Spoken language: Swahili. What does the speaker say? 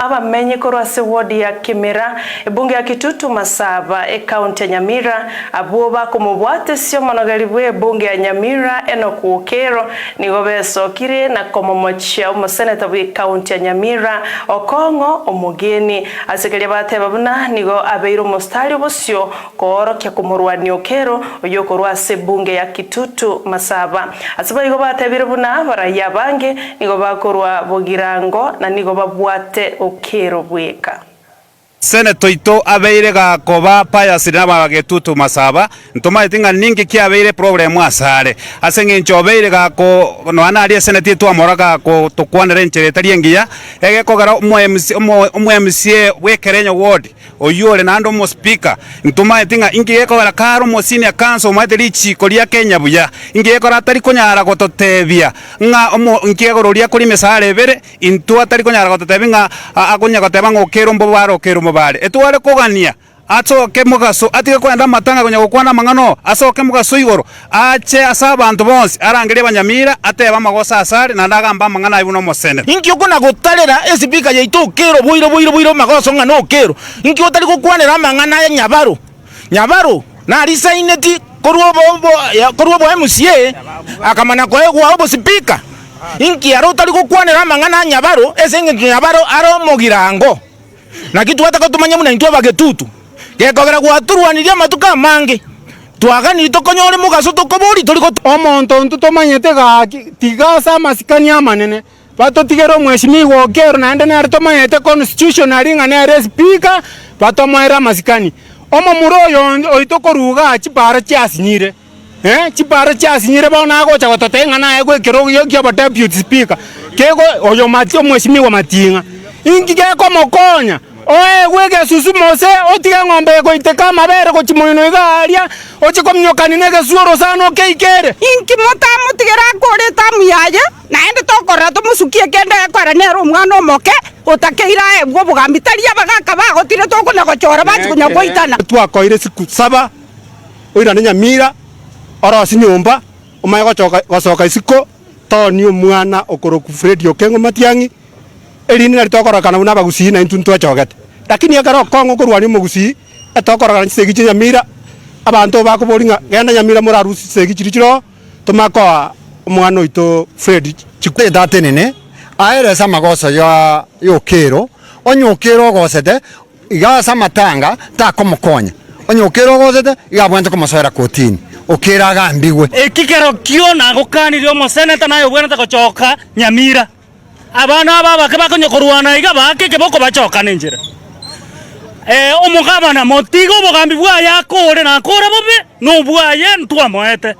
abamenyi korwa ase wodi ya kimera ebunge ya kitutu masaba ekaunti ya nyamira abwo bakomobwatesio omonogeri bwa ebunge ya nyamira enock okero nigo besokire na komomochia omoseneta bwa ekaunti ya nyamira okong'o omogeni asekeria bateba buna nigo abeire omositari obosio koorokia komorwania okero oyo ase ebunge ya kitutu masaba ase baigo batebire buna baraya bange nigo bakorwa bogirango na nigo babwate kero bweka seneto itu abeire ga koba gakoba payasi na tutu masaba ntoma itinga ningi kia abeire problem asare asenge ncho abeire ga ko no ana ari eseneti etu amora ga ko renche ege ko gara mu MC mu MC we ekerenyo ward na ndo mo oywo ore naende omospika ntumaete gara karu mo senior council ma delichi ko ria kenya buya ingi inki gekora atari konyara gototebia ng'a mo ingi nki egoro ria kuri mesare bere intu atari konyara gototebia ng'a akonyara goteba mbo baro barokerwe bare etware kogania acoke mogaso atige kwenda matanga gonya gukwana mang'ano asoke mogaso igoro ache ase abanto bonsi arangere banyamira ateba amagoso asare naende agamba amang'ana aibu omosene inki okona gotarera esipika yaito okero boiro boiro boiro magoso ng'ana okero inki otari gokwanera amang'ana ya nyabaro nyabaro narisaineti korwa bo mca akamana koe gwao bosipika inki aro otari gokwanera amang'ana ya nyabaro ase eng'enki nyabaro aro mogirango na kitu hata kotumanya muna intu abagetutu gekogera gwaturwanirie matuka mangi twaganiri tokonya mugaso tukuburi turi omonto ntu tumanyete gaki tigasa amasikani amanene batutigere omweshimiwa okero naende nare tomanyete constitution ari ng'a speaker batomwaire amasikani omomura oyo oyo tokoruga chiasinyire eh chiparo chiasinyire bono agocha gototenga naye gwekera ogio kioba deputy speaker kego oyo mati omweshimiwa matinga ingi gekomokonya oe gwika susu mose otige ng'ombe egoiteka amabere gochi moino iga aria oche komnyokani na egesu orosana okeikere inkimotamotigera akorete amu yaye naende tokora tomosukie kende ekora nere omwana omoke otakeire aebwa obogambi tari abagaka bagotire tokona gochora bachi konya goitana twakoire siku saba oira oirane nyamira orosi nyomba omanye gocoka isiko toni omwana okoroku fredi okeng'o matiang'i erinde nari tokoroka nabo nabagusii naintu ntwachogete lakini ekero kongo korwani omogusi etokorogana chisegi chia nyamira abanto bakobori ng'a genda nyamira morarusi chisegi chiri chiro tomakoa omwana oito fred chikuedate aere sama gosa ya yokero onyokero ogosete iga sama tanga samatanga takomokonya onyokero ogosete iga bwente komosoera kotini okera agambiwe ekikero kio nagokanire omoseneta naye obwenete gochoka nyamira abana aba bake bakonyokorwana iga bake ke bachoka nenjera Eh, omo gavana motigo obogambi bwaye akore nakora bobe nobwaye ntwamoete